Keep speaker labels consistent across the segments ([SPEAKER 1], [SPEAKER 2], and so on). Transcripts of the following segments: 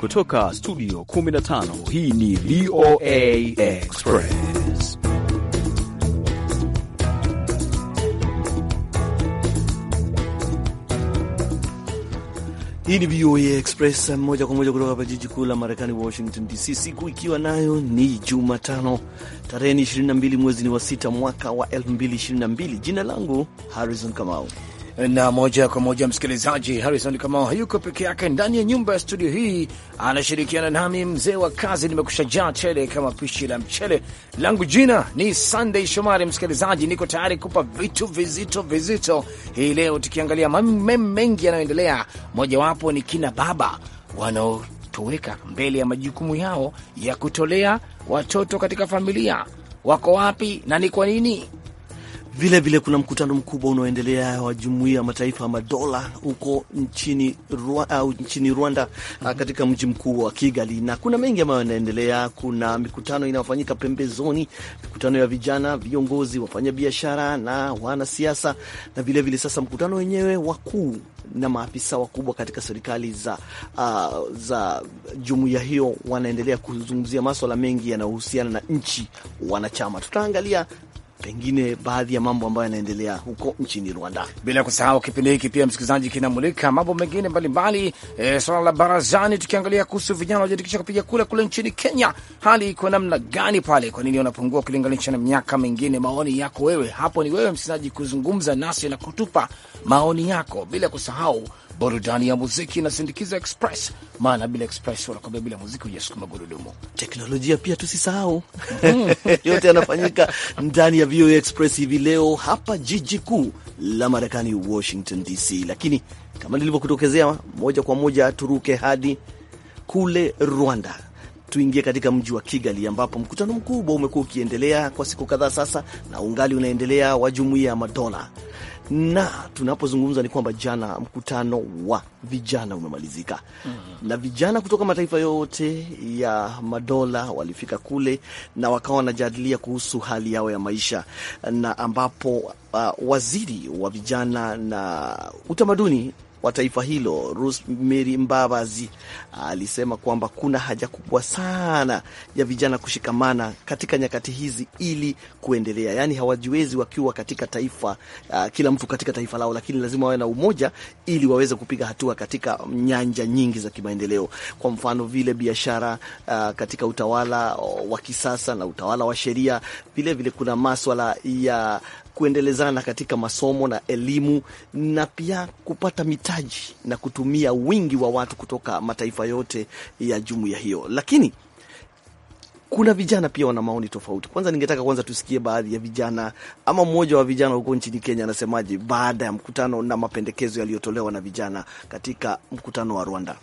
[SPEAKER 1] Kutoka studio 15 hii ni VOA Express. Hii ni VOA Express moja kwa moja kutoka hapa jiji kuu la Marekani, Washington DC, siku ikiwa nayo ni Jumatano tarehe ni 22 mwezi ni wa sita
[SPEAKER 2] mwaka wa 2022. Jina langu Harrison Kamau na moja kwa moja msikilizaji, Harrison Kamau hayuko peke yake ndani ya nyumba ya studio hii, anashirikiana nami mzee wa kazi. Nimekushajaa chele kama pishi la mchele langu. Jina ni Sunday Shomari. Msikilizaji, niko tayari kupa vitu vizito vizito hii leo, tukiangalia mamem mengi yanayoendelea. Mojawapo ni kina baba wanaotoweka mbele ya majukumu yao ya kutolea watoto katika familia. Wako wapi na ni kwa nini?
[SPEAKER 1] Vilevile vile kuna mkutano mkubwa unaoendelea wa Jumuiya ya Mataifa ya Madola huko nchini, Rwa, uh, nchini Rwanda mm -hmm. katika mji mkuu wa Kigali, na kuna mengi ambayo yanaendelea. Kuna mikutano inayofanyika pembezoni, mikutano ya vijana, viongozi, wafanyabiashara na wanasiasa, na vilevile vile sasa mkutano wenyewe wakuu na maafisa wakubwa katika serikali za, uh, za jumuiya hiyo wanaendelea kuzungumzia maswala mengi yanayohusiana na nchi wanachama. Tutaangalia
[SPEAKER 2] pengine baadhi ya mambo ambayo yanaendelea huko nchini Rwanda. Bila kusahau kipindi hiki pia, msikilizaji, kinamulika mambo mengine mbalimbali, e, swala la barazani, tukiangalia kuhusu vijana waliojiandikisha kupiga kura kule nchini Kenya. Hali iko namna gani pale? Kwa nini wanapungua ukilinganisha na miaka mingine? Maoni yako wewe hapo, ni wewe msikilizaji kuzungumza nasi na kutupa maoni yako, bila kusahau burudani ya muziki na sindikiza express, maana bila express wanakwambia bila muziki hujasukuma gurudumu. Teknolojia pia
[SPEAKER 1] tusisahau, yote yanafanyika ndani ya VOA Express hivi leo hapa jiji kuu la Marekani, Washington DC. Lakini kama nilivyokutokezea, moja kwa moja turuke hadi kule Rwanda tuingie katika mji wa Kigali ambapo mkutano mkubwa umekuwa ukiendelea kwa siku kadhaa sasa na ungali unaendelea wa Jumuiya ya Madola na tunapozungumza ni kwamba jana mkutano wa vijana umemalizika mm -hmm. na vijana kutoka mataifa yote ya madola walifika kule na wakawa wanajadilia kuhusu hali yao ya maisha, na ambapo uh, waziri wa vijana na utamaduni wa taifa hilo Rosemary Mbabazi alisema kwamba kuna haja kubwa sana ya vijana kushikamana katika nyakati hizi ili kuendelea, yaani hawajiwezi wakiwa katika taifa uh, kila mtu katika taifa lao, lakini lazima wawe na umoja ili waweze kupiga hatua katika nyanja nyingi za kimaendeleo, kwa mfano vile biashara, uh, katika utawala wa kisasa na utawala wa sheria. Vilevile kuna maswala ya kuendelezana katika masomo na elimu na pia kupata mitaji na kutumia wingi wa watu kutoka mataifa yote ya jumuiya hiyo. Lakini kuna vijana pia wana maoni tofauti. Kwanza ningetaka kwanza tusikie baadhi ya vijana ama mmoja wa vijana huko nchini Kenya anasemaje baada ya mkutano na mapendekezo yaliyotolewa na vijana katika mkutano wa Rwanda.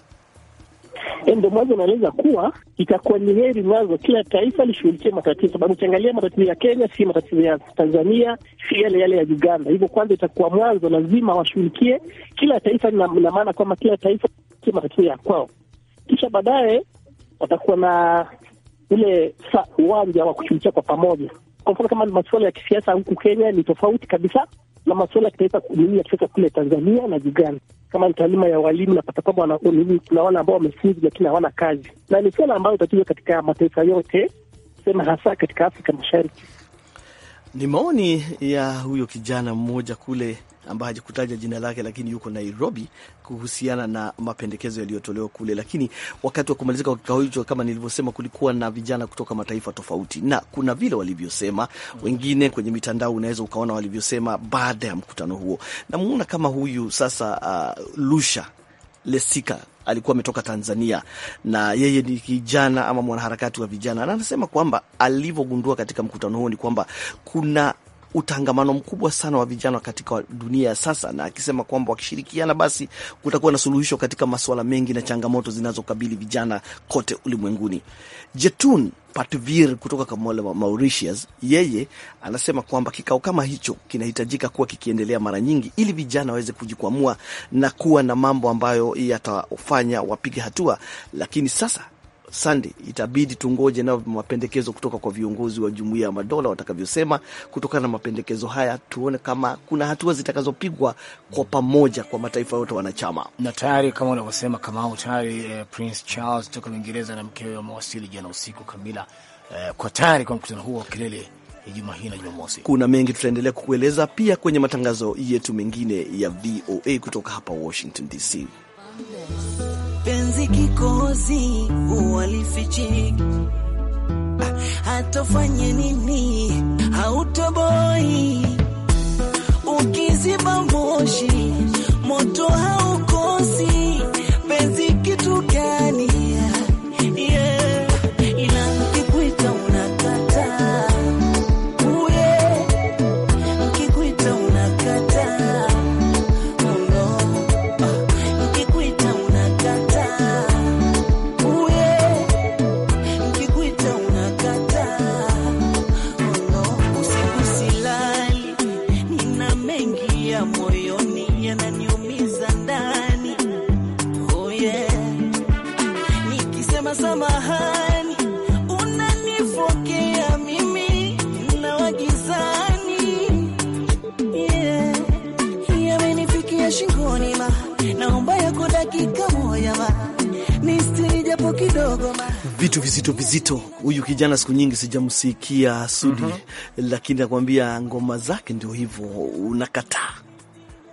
[SPEAKER 3] Yaani ndio mwanzo unaeleza kuwa itakuwa ni heri mwanzo kila taifa lishughulikie matatizo, sababu ukiangalia matatizo ya Kenya si matatizo ya Tanzania, si yale yale ya Uganda. Hivyo kwanza itakuwa mwanzo lazima washughulikie kila taifa, ina maana kwamba kila taifa ki matatizo ya kwao, kisha baadaye watakuwa na ule uwanja wa kushughulikia kwa pamoja. Kwa mfano kama masuala ya kisiasa huku Kenya ni tofauti kabisa na masuala ya kitaifa ya kisiasa kule Tanzania na Uganda kama ni taaluma ya walimu, napata kwamba kuna wale ambao wamefunzi lakini hawana kazi, na ni suala ambayo tatizo katika mataifa yote, sema hasa katika Afrika Mashariki.
[SPEAKER 1] Ni maoni ya huyo kijana mmoja kule ambaye hajakutaja jina lake, lakini yuko Nairobi kuhusiana na mapendekezo yaliyotolewa kule. Lakini wakati wa kumalizika kwa kikao hicho, kama nilivyosema, kulikuwa na vijana kutoka mataifa tofauti, na kuna vile walivyosema wengine, kwenye mitandao unaweza ukaona walivyosema baada ya mkutano huo. Namuona kama huyu sasa, uh, Lusha Lesika alikuwa ametoka Tanzania na yeye ni kijana ama mwanaharakati wa vijana, na anasema kwamba alivyogundua katika mkutano huo ni kwamba kuna utangamano mkubwa sana wa vijana katika dunia ya sasa, na akisema kwamba wakishirikiana, basi kutakuwa na suluhisho katika masuala mengi na changamoto zinazokabili vijana kote ulimwenguni. Jetun Patvir kutoka Kamole wa Mauritius, yeye anasema kwamba kikao kama hicho kinahitajika kuwa kikiendelea mara nyingi, ili vijana waweze kujikwamua na kuwa na mambo ambayo yatafanya wapige hatua, lakini sasa Sunday itabidi tungoje nao mapendekezo kutoka kwa viongozi wa Jumuiya ya Madola watakavyosema. Kutokana na mapendekezo haya, tuone kama kuna hatua zitakazopigwa kwa pamoja kwa mataifa yote wanachama.
[SPEAKER 2] Na tayari kama unavyosema Kamau, tayari eh, Prince Charles kutoka Uingereza na mkewe wamewasili jana usiku kamila, eh, kwa tayari kwa mkutano huo wa kilele hii na Jumamosi.
[SPEAKER 1] Kuna mengi tutaendelea kukueleza pia kwenye matangazo yetu mengine ya VOA kutoka hapa Washington DC
[SPEAKER 4] penzi kikozi uwalifichi hatofanye ah, nini hautoboi ukiziba moshi moto haukosi
[SPEAKER 1] kijana siku nyingi sijamsikia Sudi mm -hmm. Lakini nakwambia ngoma zake ndio hivyo, unakataa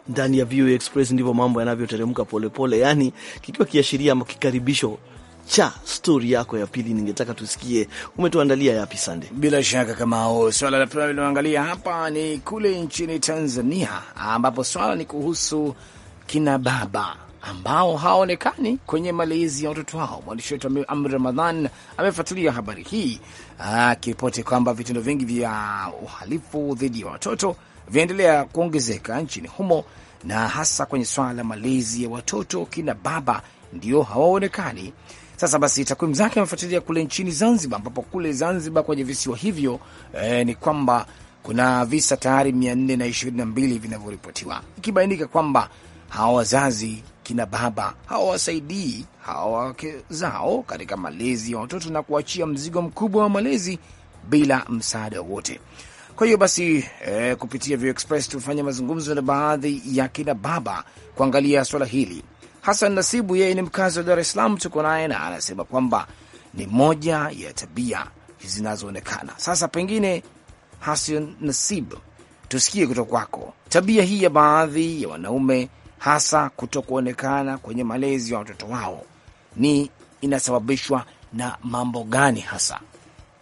[SPEAKER 1] ndani ya VOA Express ndivyo mambo yanavyoteremka polepole, yani kikiwa kiashiria ama kikaribisho cha stori yako ya
[SPEAKER 2] pili. Ningetaka tusikie umetuandalia yapi Sande? Bila shaka kama swala la pili linaangalia hapa ni kule nchini Tanzania, ambapo swala ni kuhusu kina baba ambao hawaonekani kwenye malezi ya watoto wao. Mwandishi wetu Amri Ramadhan amefuatilia habari hii akiripoti kwamba vitendo vingi vya uhalifu dhidi ya watoto vinaendelea kuongezeka nchini humo, na hasa kwenye swala la malezi ya watoto, kina baba ndio hawaonekani. Sasa basi, takwimu zake amefuatilia kule nchini Zanzibar, ambapo kule Zanzibar kwenye visiwa hivyo eh, ni kwamba kuna visa tayari mia nne na ishirini na mbili vinavyoripotiwa ikibainika kwamba hawa wazazi kina baba hawawasaidii hawa wake zao katika malezi ya watoto na kuachia mzigo mkubwa wa malezi bila msaada wowote. Kwa hiyo basi eh, kupitia Vio Express tumefanya mazungumzo na baadhi ya kina baba kuangalia swala hili. Hasan Nasibu yeye ni mkazi wa Dar es Salaam, tuko naye na anasema kwamba ni moja ya tabia zinazoonekana sasa. Pengine Hasan Nasibu, tusikie kutoka kwako tabia hii ya baadhi ya wanaume hasa kutokuonekana kwenye malezi ya watoto wao, ni inasababishwa na mambo gani hasa?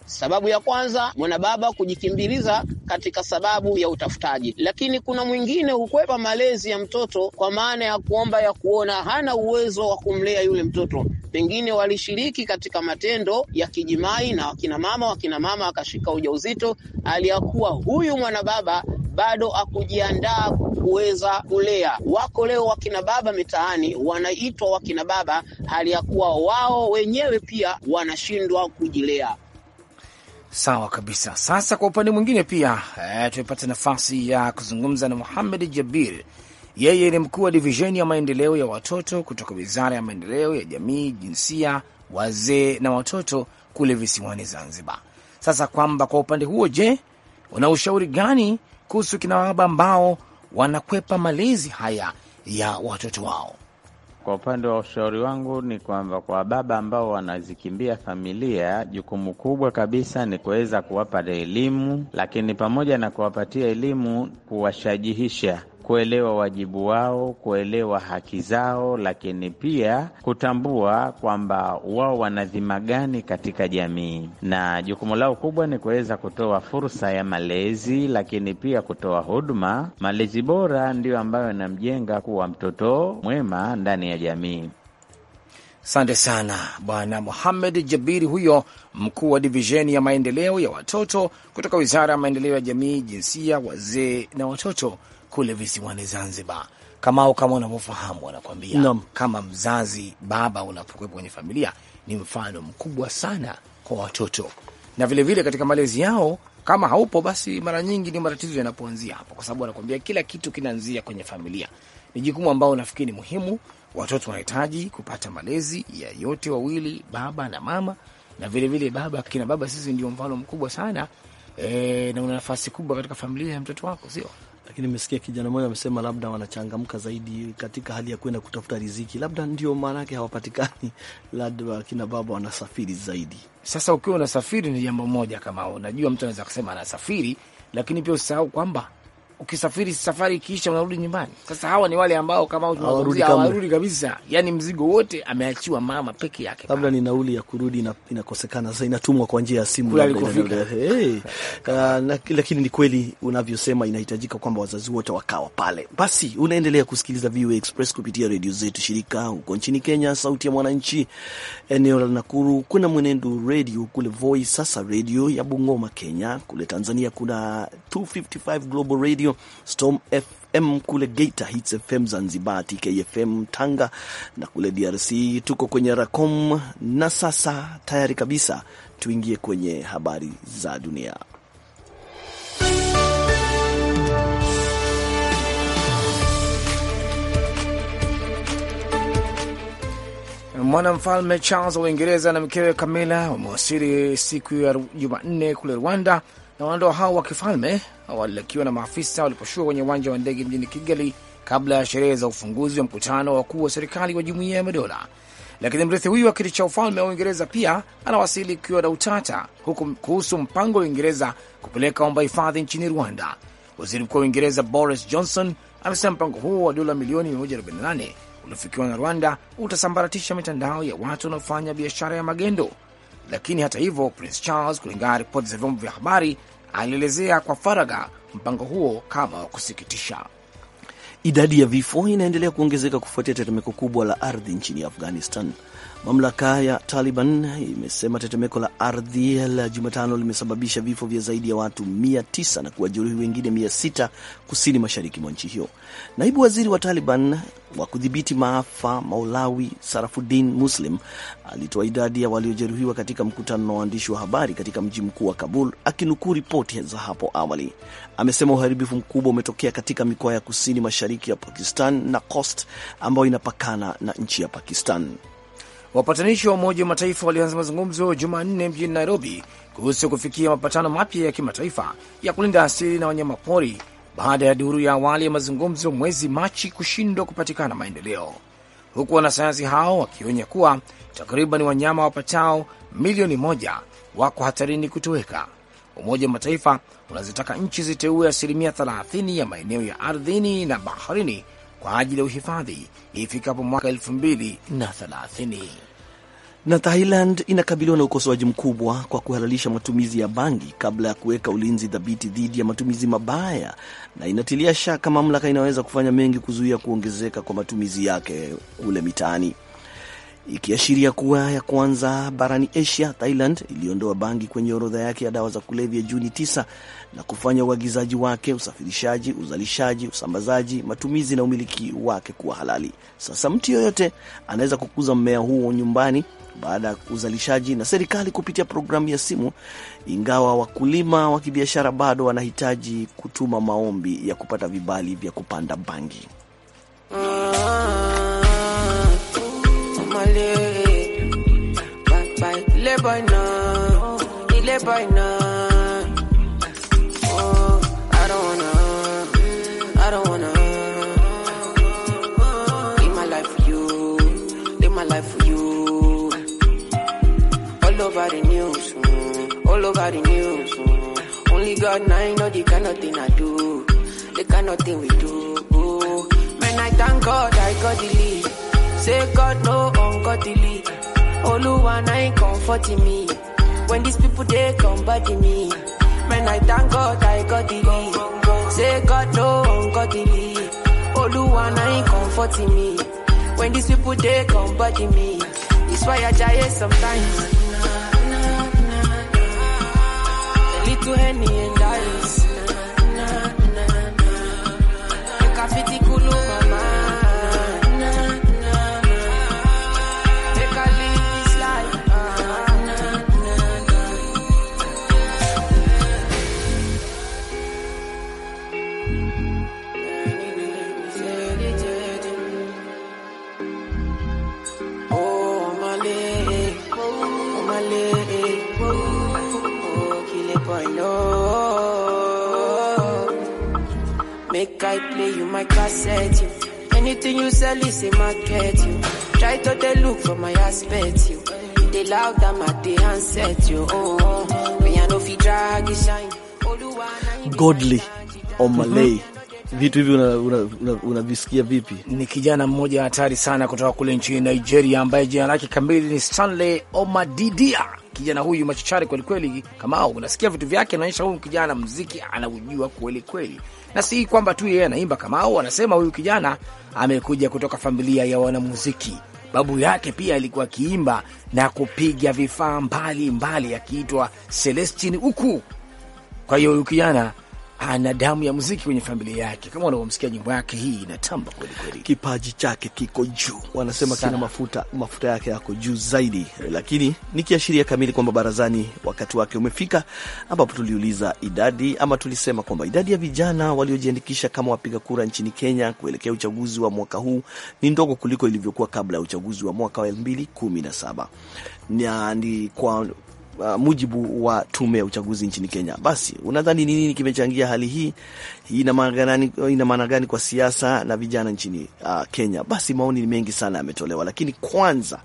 [SPEAKER 2] Sababu ya kwanza mwanababa kujikimbiliza katika
[SPEAKER 5] sababu ya utafutaji, lakini kuna mwingine hukwepa malezi ya mtoto kwa maana ya kuomba ya kuona hana uwezo wa kumlea yule mtoto. Pengine walishiriki katika matendo ya kijimai na wakinamama, mama akashika ujauzito, aliyakuwa huyu mwanababa bado akujiandaa kuweza kulea. Wako leo wakina baba mitaani wanaitwa wakina baba, hali ya kuwa wao wenyewe pia wanashindwa kujilea.
[SPEAKER 2] Sawa kabisa. Sasa kwa upande mwingine pia eh, tumepata nafasi ya kuzungumza na Muhamed Jabir. Yeye ni mkuu wa divisheni ya maendeleo ya watoto kutoka Wizara ya Maendeleo ya Jamii, Jinsia, Wazee na Watoto kule visiwani Zanzibar. Sasa kwamba kwa upande huo, je, una ushauri gani kuhusu kinawaba ambao wanakwepa malezi haya ya watoto
[SPEAKER 6] wao? Kwa upande wa ushauri wangu ni kwamba kwa baba ambao wanazikimbia familia, jukumu kubwa kabisa ni kuweza kuwapa elimu, lakini pamoja na kuwapatia elimu, kuwashajihisha kuelewa wajibu wao, kuelewa haki zao, lakini pia kutambua kwamba wao wana dhima gani katika jamii, na jukumu lao kubwa ni kuweza kutoa fursa ya malezi, lakini pia kutoa huduma. Malezi bora ndiyo ambayo inamjenga kuwa mtoto mwema ndani ya jamii. Asante sana Bwana Muhamed Jabiri,
[SPEAKER 2] huyo mkuu wa divisheni ya maendeleo ya watoto kutoka Wizara ya Maendeleo ya Jamii, Jinsia, Wazee na Watoto kule visiwani Zanzibar Kama au kama unavyofahamu, wanakwambia no. Kama mzazi baba unapokuwepo kwenye familia ni mfano mkubwa sana kwa watoto na vilevile vile katika malezi yao. Kama haupo basi, mara nyingi ni matatizo yanapoanzia hapo, kwa sababu wanakwambia kila kitu kinaanzia kwenye familia. Ni jukumu ambao nafikiri ni muhimu, watoto wanahitaji kupata malezi ya yote wawili, baba na mama, na vilevile vile baba. Kina baba sisi ndio mfano mkubwa sana e, na una nafasi kubwa katika familia ya mtoto wako, sio? Lakini nimesikia kijana mmoja amesema labda wanachangamka zaidi katika hali ya kwenda kutafuta riziki, labda ndio maana yake hawapatikani, labda kina baba wanasafiri zaidi. Sasa ukiwa unasafiri ni jambo moja, kama unajua mtu anaweza kusema anasafiri, lakini pia usahau kwamba ukisafiri safari ikiisha unarudi nyumbani. Sasa hawa ni wale ambao kama tunazungumzia hawarudi kabisa, yani mzigo wote ameachiwa mama peke yake,
[SPEAKER 1] labda ni nauli ya kurudi inakosekana, sasa inatumwa kwa njia ya simu hey. Uh, lakini ni kweli unavyosema, inahitajika kwamba wazazi wote wakawa pale. Basi unaendelea kusikiliza VOA Express kupitia redio zetu shirika huko nchini Kenya, Sauti ya Mwananchi eneo la Nakuru, kuna Mwenendo redio kule Voi, sasa redio ya Bungoma Kenya, kule Tanzania kuna 255 Global Radio Radio, Storm FM kule Geita, Hits FM Zanzibar, TKFM Tanga, na kule DRC tuko kwenye Racom. Na sasa tayari kabisa tuingie kwenye habari za dunia.
[SPEAKER 2] Mwanamfalme Charles wa Uingereza na mkewe Camilla wamewasili siku ya Jumanne kule Rwanda na wanandoa hao wa kifalme walilakiwa na maafisa waliposhuka kwenye uwanja wa ndege mjini Kigali kabla ya sherehe za ufunguzi wa mkutano wa wakuu wa serikali wa Jumuiya ya Madola. Lakini mrithi huyu wa kiti cha ufalme wa Uingereza pia anawasili ukiwa na utata huku kuhusu mpango wa Uingereza kupeleka omba hifadhi nchini Rwanda. Waziri Mkuu wa Uingereza Boris Johnson amesema mpango huo wa dola milioni 148 uliofikiwa na Rwanda utasambaratisha mitandao ya watu wanaofanya biashara ya magendo lakini hata hivyo, Prince Charles, kulingana na ripoti za vyombo vya habari, alielezea kwa faragha mpango huo kama wa kusikitisha.
[SPEAKER 1] Idadi ya vifo
[SPEAKER 2] inaendelea kuongezeka kufuatia
[SPEAKER 1] tetemeko kubwa la ardhi nchini Afghanistan Mamlaka ya Taliban imesema tetemeko la ardhi la Jumatano limesababisha vifo vya zaidi ya watu 9 na kuwajeruhi wengine 6 kusini mashariki mwa nchi hiyo. Naibu waziri wa Taliban wa kudhibiti maafa Maulawi Sarafudin Muslim alitoa idadi ya waliojeruhiwa katika mkutano na waandishi wa habari katika mji mkuu wa Kabul, akinukuu ripoti za hapo awali. Amesema uharibifu mkubwa umetokea katika mikoa ya kusini mashariki ya Pakistan na Khost ambayo
[SPEAKER 2] inapakana na nchi ya Pakistan. Wapatanishi wa Umoja wa Mataifa walianza mazungumzo Jumanne mjini Nairobi kuhusu kufikia mapatano mapya ya kimataifa ya kulinda asili na wanyama pori baada ya duru ya awali ya mazungumzo mwezi Machi kushindwa kupatikana maendeleo, huku wanasayansi hao wakionya kuwa takriban wanyama wapatao milioni moja wako hatarini kutoweka. Umoja wa Mataifa unazitaka nchi ziteue asilimia 30 ya maeneo ya ardhini na baharini kwa ajili ya uhifadhi ifikapo mwaka 2030.
[SPEAKER 1] Na Thailand inakabiliwa na ukosoaji mkubwa kwa kuhalalisha matumizi ya bangi kabla ya kuweka ulinzi dhabiti dhidi ya matumizi mabaya, na inatilia shaka mamlaka inaweza kufanya mengi kuzuia kuongezeka kwa matumizi yake kule mitaani ikiashiria kuwa ya kwanza barani Asia. Thailand iliondoa bangi kwenye orodha yake ya dawa za kulevya Juni 9 na kufanya uagizaji wake, usafirishaji, uzalishaji, usambazaji, matumizi na umiliki wake kuwa halali. Sasa mtu yoyote anaweza kukuza mmea huo nyumbani baada ya uzalishaji na serikali kupitia programu ya simu, ingawa wakulima wa kibiashara bado wanahitaji kutuma maombi ya kupata vibali vya kupanda bangi.
[SPEAKER 5] Ah. mọ́lé. Bàbá ilé bọ̀ iná, ilé bọ̀ I don't wanna, I don't wanna. Live my life for you, live my life for you. All over the news, all over the news. Only God and I know the kind of thing I do, the kind of thing we do. Man, I thank God I got the lead. Say God no ungodly. Oh, Oluwa na comforting me. When these people they come body me. Man, I thank God I got the Say God no ungodly. Oh, Oluwa na comforting me. When these people they come body me. It's why I die sometimes. A little henny and guy play you, my cassette. you. Anything you sell is a market you. Try to they look for my aspect you. They loud them at the handset you. Oh, oh, oh. me I know if you drag you shine.
[SPEAKER 1] Godly
[SPEAKER 2] or Omalay. Mhm. Vitu hivi unavisikia una, una, una vipi? Ni kijana mmoja hatari sana kutoka kule nchini Nigeria ambaye jina lake kamili ni Stanley Omadidia. Kijana huyu machachari kwelikweli, kama unasikia vitu vyake, naonyesha huyu kijana mziki anaujua kwelikweli na si kwamba tu yeye anaimba Kamau. Anasema huyu kijana amekuja kutoka familia ya wanamuziki, babu yake pia alikuwa akiimba na kupiga vifaa mbalimbali, akiitwa Celestin Uku. Kwa hiyo huyu kijana ana damu ya muziki kwenye familia yake, kama unavyomsikia nyimbo yake hii inatamba kwelikweli, Kipaji chake kiko
[SPEAKER 1] juu, wanasema kina mafuta mafuta yake yako juu zaidi, lakini ni kiashiria kamili kwamba barazani wakati wake umefika, ambapo tuliuliza idadi ama tulisema kwamba idadi ya vijana waliojiandikisha kama wapiga kura nchini Kenya kuelekea uchaguzi wa mwaka huu ni ndogo kuliko ilivyokuwa kabla ya uchaguzi wa mwaka wa 2017 na ni kwa uh, mujibu wa tume ya uchaguzi nchini Kenya. Basi unadhani ni nini kimechangia hali hii? Ina maana gani kwa siasa na vijana nchini uh, Kenya? Basi maoni ni mengi sana yametolewa, lakini kwanza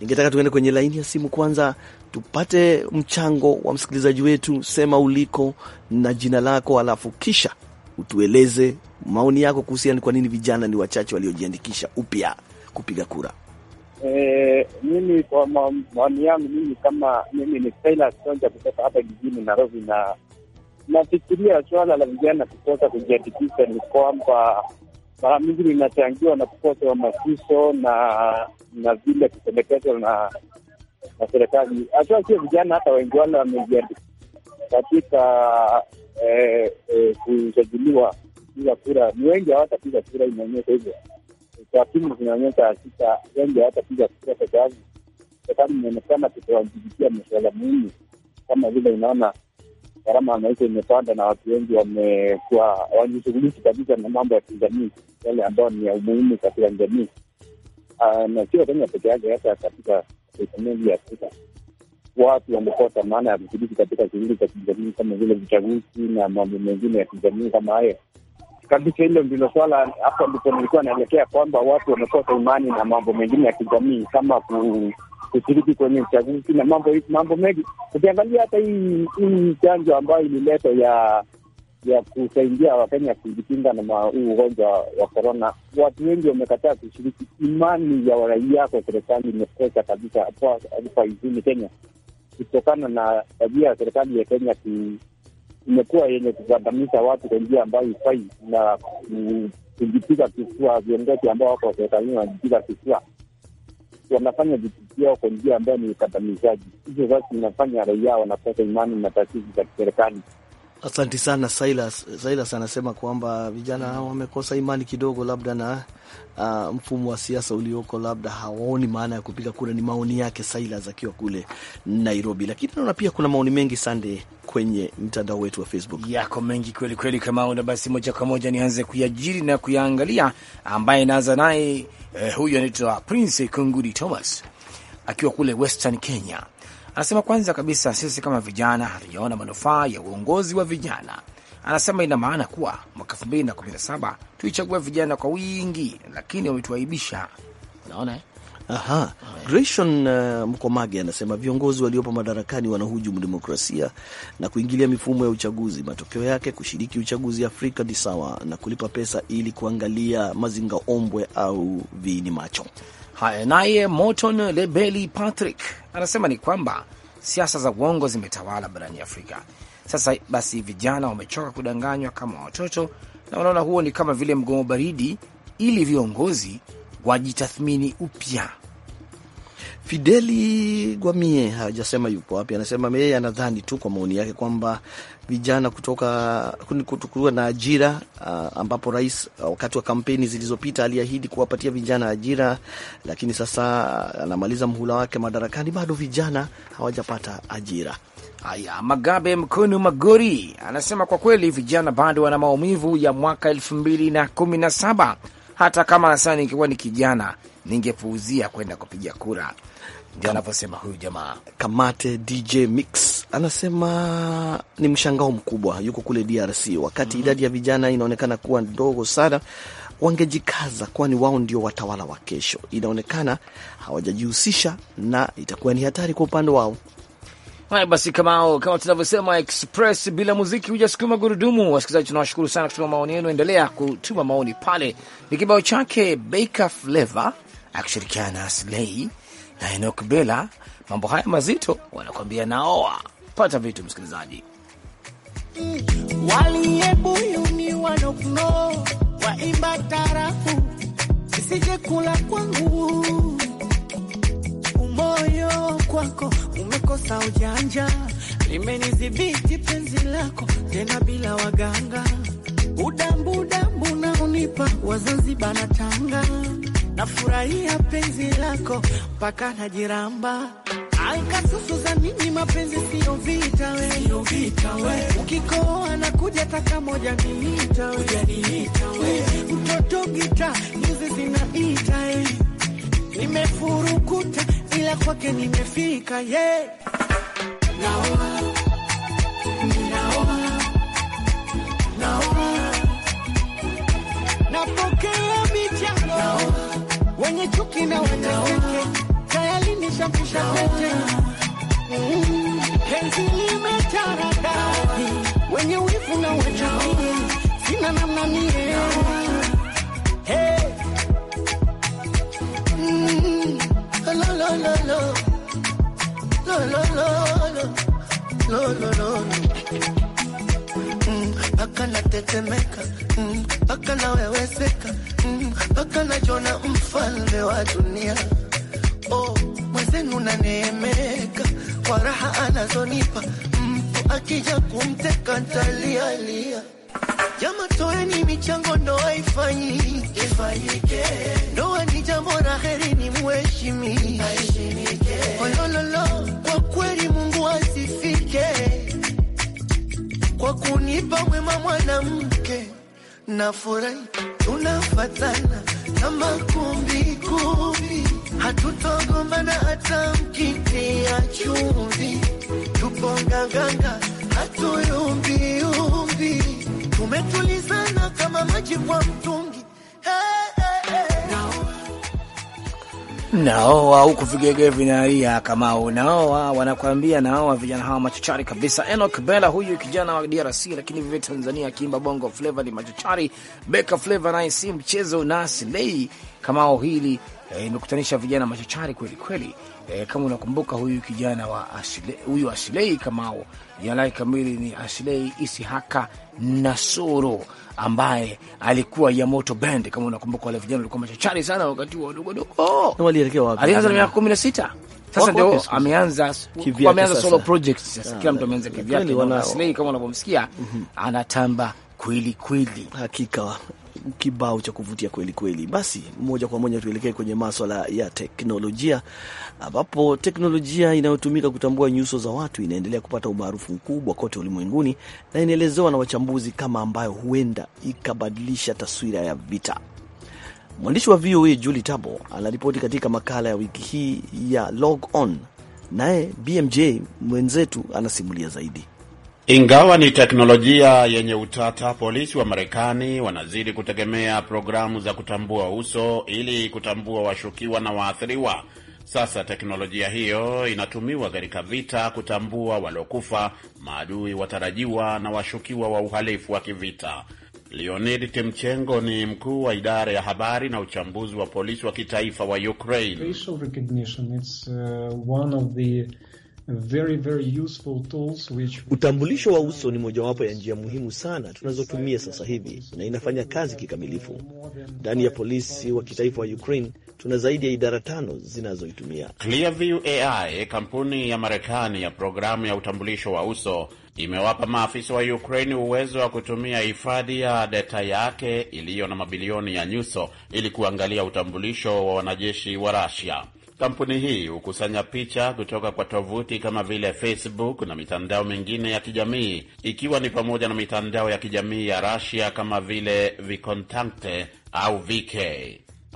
[SPEAKER 1] ningetaka tuende kwenye laini ya simu kwanza tupate mchango wa msikilizaji wetu. Sema uliko na jina lako, alafu kisha utueleze maoni yako kuhusiana ni kwa nini vijana ni wachache waliojiandikisha upya kupiga kura.
[SPEAKER 3] Eh, mimi kwa maoni yangu mimi kama mimi ni Taylor Sonja kutoka hapa jijini Nairobi, na nafikiria swala la vijana kukosa kujiandikisha ni kwamba mara mingi linachangiwa na kukosa hamasisho na na vile kupendekezwa na na serikali. Hata sio vijana, hata wengi wale wamejiandikisha katika eh, eh, kusajiliwa kupiga kura, ni wengi hawatapiga kura, inaonyesha hivyo takwimu zinaonyesha hakika wengi hawatapiga kura kwa sababu serikali inaonekana kutowajibishia masuala muhimu, kama vile unaona gharama ya maisha imepanda na watu wengi wamekuwa wajishughulishi kabisa na mambo ya kijamii, yale ambayo ni ya umuhimu katika jamii, ah, na sio Kenya peke yake, hata katika mataifa mengi ya Afrika watu wamekosa maana ya kushiriki katika shughuli za kijamii kama vile uchaguzi na mambo mengine ya kijamii kama hayo kabisa. Hilo ndilo swala, hapo ndipo nilikuwa naelekea kwamba watu wamekosa imani na mambo mengine ya kijamii kama ku kushiriki kwenye uchaguzi na mambo mambo mengi. Ukiangalia hata hii hii chanjo ambayo ililetwa ya ya kusaidia Wakenya kujikinga na huu ugonjwa wa korona, watu wengi wamekataa kushiriki. Imani ya waraia kwa serikali imekosa kabisa hapa nchini Kenya kutokana na tabia ya serikali ya Kenya imekuwa yenye kugandamiza watu kwa njia ambayo ifai na kujipiga kifua. Viongozi ambao wako serikalini wanajipiga kifua, wanafanya vitu vyao kwa njia ambayo ni ukandamizaji. Hivyo basi inafanya raia wanakosa imani na taasisi za kiserikali.
[SPEAKER 1] Asanti sana Silas. Silas anasema kwamba vijana hao wamekosa imani kidogo, labda na uh, mfumo wa siasa ulioko, labda hawaoni maana ya kupiga kura. Ni maoni yake Silas akiwa kule Nairobi, lakini
[SPEAKER 2] naona pia kuna maoni mengi sande kwenye mtandao wetu wa Facebook. Yako mengi kweli kweli, kama una basi, moja kwa moja nianze kuyajiri na kuyaangalia, ambaye naanza naye eh, huyu anaitwa Prince Kunguri Thomas akiwa kule Western Kenya Anasema kwanza kabisa, sisi kama vijana hatujaona manufaa ya uongozi wa vijana. Anasema ina maana kuwa mwaka saba tulichagua vijana kwa wingi, lakini wametuaibisha. Unaona? Eh?
[SPEAKER 1] Aha. Grayson uh, Mkomage anasema viongozi waliopo madarakani wanahujumu demokrasia na kuingilia mifumo ya uchaguzi. Matokeo yake kushiriki uchaguzi Afrika ni sawa na kulipa pesa ili kuangalia mazinga ombwe au viini macho.
[SPEAKER 2] Haya, naye Morton Lebeli Patrick anasema ni kwamba siasa za uongo zimetawala barani Afrika. Sasa basi, vijana wamechoka kudanganywa kama watoto na wanaona huo ni kama vile mgomo baridi, ili viongozi wajitathmini upya. Fideli Gwamie hajasema yupo wapi,
[SPEAKER 1] anasema yeye anadhani tu kwa maoni yake kwamba vijana kutoka kutukuliwa na ajira uh, ambapo rais uh, wakati wa kampeni zilizopita aliahidi kuwapatia vijana ajira, lakini sasa anamaliza mhula wake madarakani, bado vijana hawajapata
[SPEAKER 2] ajira. Haya, Magabe Mkono Magori anasema kwa kweli vijana bado wana maumivu ya mwaka elfu mbili na kumi na saba hata kama anasema ningekuwa ni kijana ningepuuzia kwenda kupiga kura. Ndio anavyosema huyu jamaa
[SPEAKER 1] Kamate DJ Mix, anasema ni mshangao mkubwa, yuko kule DRC wakati mm -hmm. idadi ya vijana inaonekana kuwa ndogo sana. Wangejikaza kwani wao ndio watawala wa kesho. Inaonekana hawajajihusisha na itakuwa ni hatari kwa upande wao.
[SPEAKER 2] Haya basi, Kamao, kama tunavyosema express bila muziki hujasukuma gurudumu. Wasikilizaji, tunawashukuru sana kutuma maoni yenu, endelea kutuma maoni pale. Ni kibao chake Baker fleve akishirikiana na Slay na Enoch Bella. Mambo haya mazito wanakuambia naoa. Pata vitu msikilizaji
[SPEAKER 4] waimba tarafu sisije kula kwangu moyo kwako umekosa ujanja, limenidhibiti penzi lako tena bila waganga, udambu dambu na unipa Wazanzibar na Tanga, nafurahia penzi lako mpaka najiramba Aikasusu za nini? Mapenzi sio vita we, ukikoa na kuja taka moja niita we, mtoto gita nyuzi zinaita, nimefurukuta ila kwake nimefika ye napokea michano wenye chuki na wateseke tayari nishampusha pete penzi limetaradai wenye wivu na wachukie sina namna mie mpaka natetemeka mpaka naweweseka mpaka najona mfalme wa dunia. Oh, mwenzenu naneemeka kwa raha anazonipa mtu akija kumteka ntalialia Jama, toeni michango, ndoa ifanyike, ifanyike. Ndoa ni jambo la heri, ni muheshimi aheshimike. Olololo, kwa kweli Mungu asifike kwa kunipa mwema mwanamke, nafurahi tunafatana kama kumbikumbi, hatutogombana hata mkitia chumvi, tupo nganganga, hatuyumbiumbi tumetulizana kama maji kwa mtungi
[SPEAKER 2] Naoa huku vigege vinaria kama unaoa, wanakuambia naoa. Vijana hawa machachari kabisa. Enoch Bella huyu kijana wa DRC lakini vivyo Tanzania akiimba bongo flavor ni machachari. Beka flavor naye si mchezo, na Slay kamao hili eh, imekutanisha eh, vijana machachari kweli kweli eh, kama unakumbuka huyu kijana wa Ashile, huyu Ashilei Kamau, jina lake kamili ni Ashilei Isihaka Nasoro, ambaye alikuwa Yamoto Band. Kama unakumbuka wale vijana walikuwa machachari sana wakati wa dogo wadogo, alianza na miaka kumi na sita. Sasa ndio ameanza ameanza solo project sasa, kila mtu ameanza ah, kivyake. Ashilei kama unavyomsikia mhm. anatamba kweli kweli,
[SPEAKER 1] hakika kibao cha kuvutia kweli kweli. Basi moja kwa moja tuelekee kwenye maswala ya teknolojia, ambapo teknolojia inayotumika kutambua nyuso za watu inaendelea kupata umaarufu mkubwa kote ulimwenguni na inaelezewa na wachambuzi kama ambayo huenda ikabadilisha taswira ya vita. Mwandishi wa VOA Julie Tabo anaripoti katika makala ya wiki hii ya Log On, naye BMJ mwenzetu
[SPEAKER 6] anasimulia zaidi. Ingawa ni teknolojia yenye utata, polisi wa Marekani wanazidi kutegemea programu za kutambua uso ili kutambua washukiwa na waathiriwa. Sasa teknolojia hiyo inatumiwa katika vita kutambua waliokufa, maadui watarajiwa na washukiwa wa uhalifu wa kivita. Leonid timchengo ni mkuu wa idara ya habari na uchambuzi wa polisi wa kitaifa wa Ukraine
[SPEAKER 3] very, very
[SPEAKER 6] useful tools which...
[SPEAKER 1] Utambulisho wa uso ni mojawapo ya njia muhimu sana tunazotumia sasa hivi na inafanya kazi kikamilifu. Ndani ya polisi wa kitaifa wa Ukraine tuna zaidi ya idara tano zinazoitumia.
[SPEAKER 6] Clearview AI, kampuni ya Marekani ya programu ya utambulisho wa uso imewapa maafisa wa Ukraini uwezo wa kutumia hifadhi ya data yake iliyo na mabilioni ya nyuso ili kuangalia utambulisho wa wanajeshi wa Rasia. Kampuni hii hukusanya picha kutoka kwa tovuti kama vile Facebook na mitandao mingine ya kijamii, ikiwa ni pamoja na mitandao ya kijamii ya Russia kama vile Vkontakte au VK.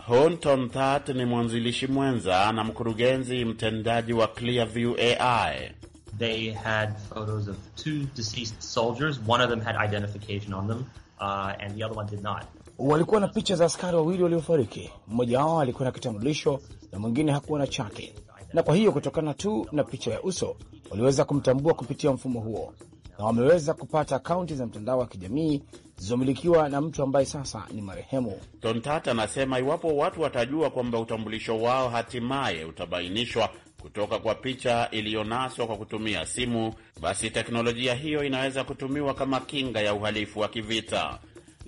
[SPEAKER 6] Honton That ni mwanzilishi mwenza na mkurugenzi mtendaji wa Clearview AI. They had photos of two deceased soldiers. One of them had identification on them, uh,
[SPEAKER 3] and the other one did not
[SPEAKER 2] walikuwa na picha za askari wawili waliofariki. Mmoja wao alikuwa na kitambulisho na mwingine hakuwa na chake, na kwa hiyo kutokana tu na picha ya uso waliweza kumtambua kupitia mfumo huo, na wameweza kupata akaunti za mtandao wa kijamii zilizomilikiwa na mtu ambaye sasa ni marehemu.
[SPEAKER 6] Tontat anasema iwapo watu watajua kwamba utambulisho wao hatimaye utabainishwa kutoka kwa picha iliyonaswa kwa kutumia simu, basi teknolojia hiyo inaweza kutumiwa kama kinga ya uhalifu wa kivita.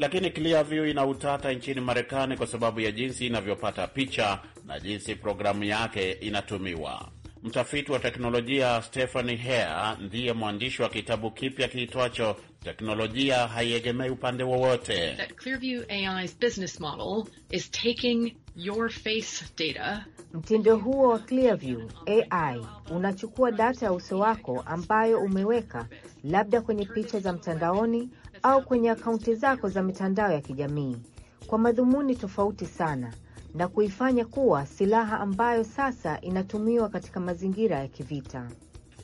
[SPEAKER 6] Lakini Clearview ina utata nchini Marekani kwa sababu ya jinsi inavyopata picha na jinsi programu yake inatumiwa. Mtafiti wa teknolojia Stephanie Hare ndiye mwandishi wa kitabu kipya kiitwacho teknolojia haiegemei upande wowote.
[SPEAKER 2] Mtindo huo wa Clearview AI unachukua data ya uso wako ambayo umeweka labda kwenye picha za mtandaoni au kwenye akaunti zako za mitandao ya kijamii kwa madhumuni tofauti sana na kuifanya kuwa silaha ambayo sasa inatumiwa katika mazingira ya kivita.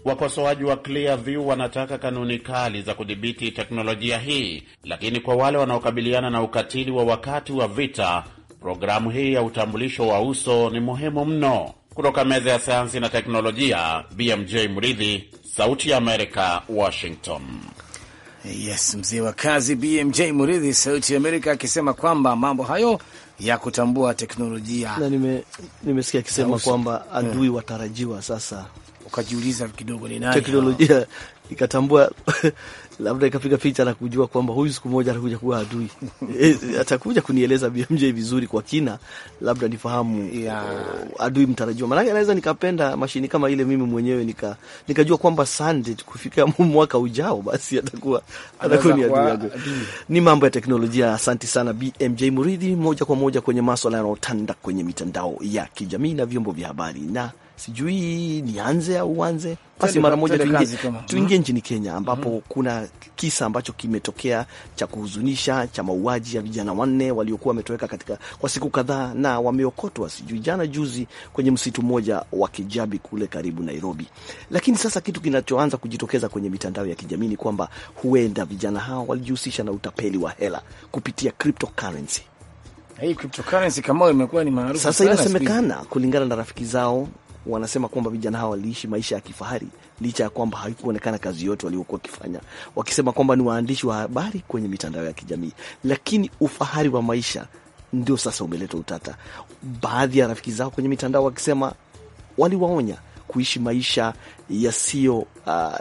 [SPEAKER 6] Wakosoaji wa Clearview wanataka kanuni kali za kudhibiti teknolojia hii, lakini kwa wale wanaokabiliana na ukatili wa wakati wa vita, programu hii ya utambulisho wa uso ni muhimu mno. Kutoka meza ya sayansi na teknolojia, BMJ Mridhi, Sauti ya Amerika, Washington.
[SPEAKER 2] Yes, mzee wa kazi BMJ Muridhi, Sauti ya Amerika, akisema kwamba mambo hayo ya kutambua teknolojia na nime,
[SPEAKER 1] nimesikia akisema kwamba hmm. adui yeah, watarajiwa. Sasa ukajiuliza kidogo ni nani teknolojia ikatambua labda ikapiga picha na kujua kwamba huyu siku moja atakuja kuwa adui eh, atakuja kunieleza BMJ vizuri kwa kina, labda nifahamu yeah, uh, adui mtarajiwa. Maanake anaweza nikapenda mashini kama ile mimi mwenyewe nika, nikajua kwamba Sunday kufika mwaka ujao, basi atakuwa atakuwa ni adui yangu. Ni mambo ya teknolojia. Asante sana BMJ Muridhi. Moja kwa moja kwenye maswala yanayotanda kwenye mitandao ya kijamii na vyombo vya habari na sijui nianze au uanze basi mara moja tuingie, mm-hmm. nchini Kenya ambapo mm -hmm. kuna kisa ambacho kimetokea cha kuhuzunisha cha mauaji ya vijana wanne waliokuwa wametoweka katika kwa siku kadhaa na wameokotwa sijui jana juzi kwenye msitu mmoja wa Kijabi kule karibu Nairobi. Lakini sasa kitu kinachoanza kujitokeza kwenye mitandao ya kijamii ni kwamba huenda vijana hao walijihusisha na utapeli wa hela
[SPEAKER 2] kupitia cryptocurrency. Hey, cryptocurrency kama imekuwa ni maarufu sasa, inasemekana
[SPEAKER 1] kulingana na rafiki zao wanasema kwamba vijana hawa waliishi maisha ya kifahari licha ya kwamba haikuonekana kazi yote waliokuwa wakifanya, wakisema kwamba ni waandishi wa habari kwenye mitandao ya kijamii. Lakini ufahari wa maisha ndio sasa umeleta utata, baadhi ya rafiki zao kwenye mitandao wakisema waliwaonya kuishi maisha yasiyo uh,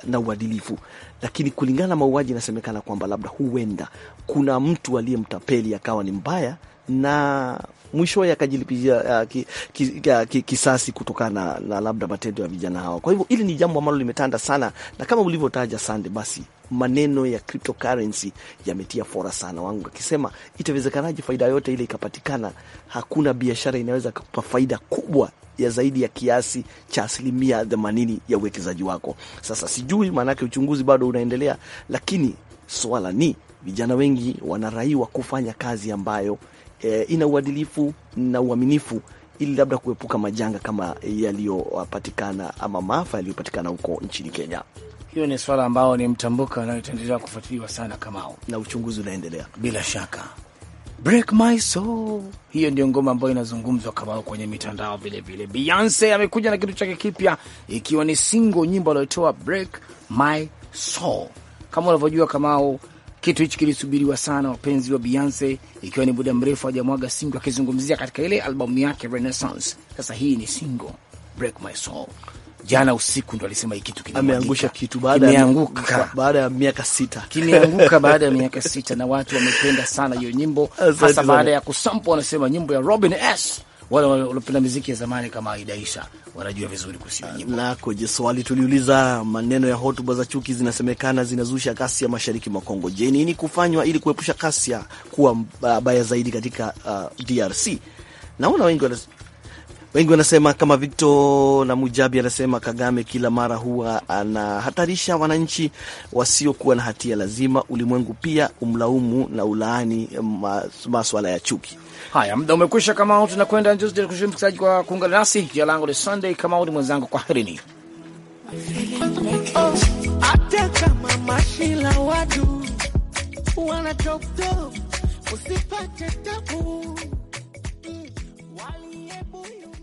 [SPEAKER 1] na uadilifu. Lakini kulingana na mauaji, inasemekana kwamba labda huenda kuna mtu aliyemtapeli akawa ni mbaya na mwishowe akajilipizia uh, ki, ki, uh, ki, kisasi kutokana na labda matendo ya vijana hawa. Kwa hivyo hili ni jambo ambalo limetanda sana, na kama ulivyotaja Sande, basi maneno ya cryptocurrency yametia fora sana. Wangu akisema itawezekanaje faida yote ile ikapatikana? Hakuna biashara inaweza kupa faida kubwa ya zaidi ya kiasi cha asilimia themanini ya uwekezaji wako. Sasa sijui, maanake uchunguzi bado unaendelea, lakini swala ni vijana wengi wanaraiwa kufanya kazi ambayo eh, ina uadilifu na uaminifu ili labda kuepuka majanga kama yaliyopatikana ama maafa yaliyopatikana huko nchini Kenya.
[SPEAKER 2] Hiyo ni swala ambao ni mtambuka na itaendelea kufuatiliwa sana kamao, na uchunguzi unaendelea bila shaka. Break my soul, hiyo ndio ngoma ambayo inazungumzwa kamao kwenye mitandao vilevile. Beyonce amekuja na kitu chake kipya, ikiwa ni single nyimbo aliyotoa Break My Soul. Kama unavyojua Kamau, kitu hichi kilisubiriwa sana wapenzi wa Beyonce, ikiwa ni muda mrefu hajamwaga singo akizungumzia katika ile albamu yake Renaissance. Sasa hii ni singo Break My Soul. Jana usiku ndo alisema hii kitu kimeangusha kitu baada ya baada ya miaka sita kimeanguka baada ya miaka sita na watu wamependa sana hiyo nyimbo, hasa baada ya kusampo, wanasema nyimbo ya Robin S wale walopenda muziki ya zamani kama Aidaisha wanajua vizuri kusiwa
[SPEAKER 1] nyimbo Na Je, swali tuliuliza, maneno ya hotuba za chuki zinasemekana zinazusha kasi ya mashariki mwa Kongo. Je, nini kufanywa ili kuepusha ya kuwa baya zaidi katika uh, DRC? Naona wengi wengi wanasema kama Victor na Mujabi anasema Kagame kila mara huwa anahatarisha wananchi wasiokuwa na hatia. Lazima ulimwengu pia umlaumu na ulaani
[SPEAKER 2] um, maswala ya chuki. Haya, mda umekwisha, Kamau, tunakwenda msikilizaji kwa kuungana nasi. Jina langu ni Sunday Kamau, ni mwenzangu, kwa herini.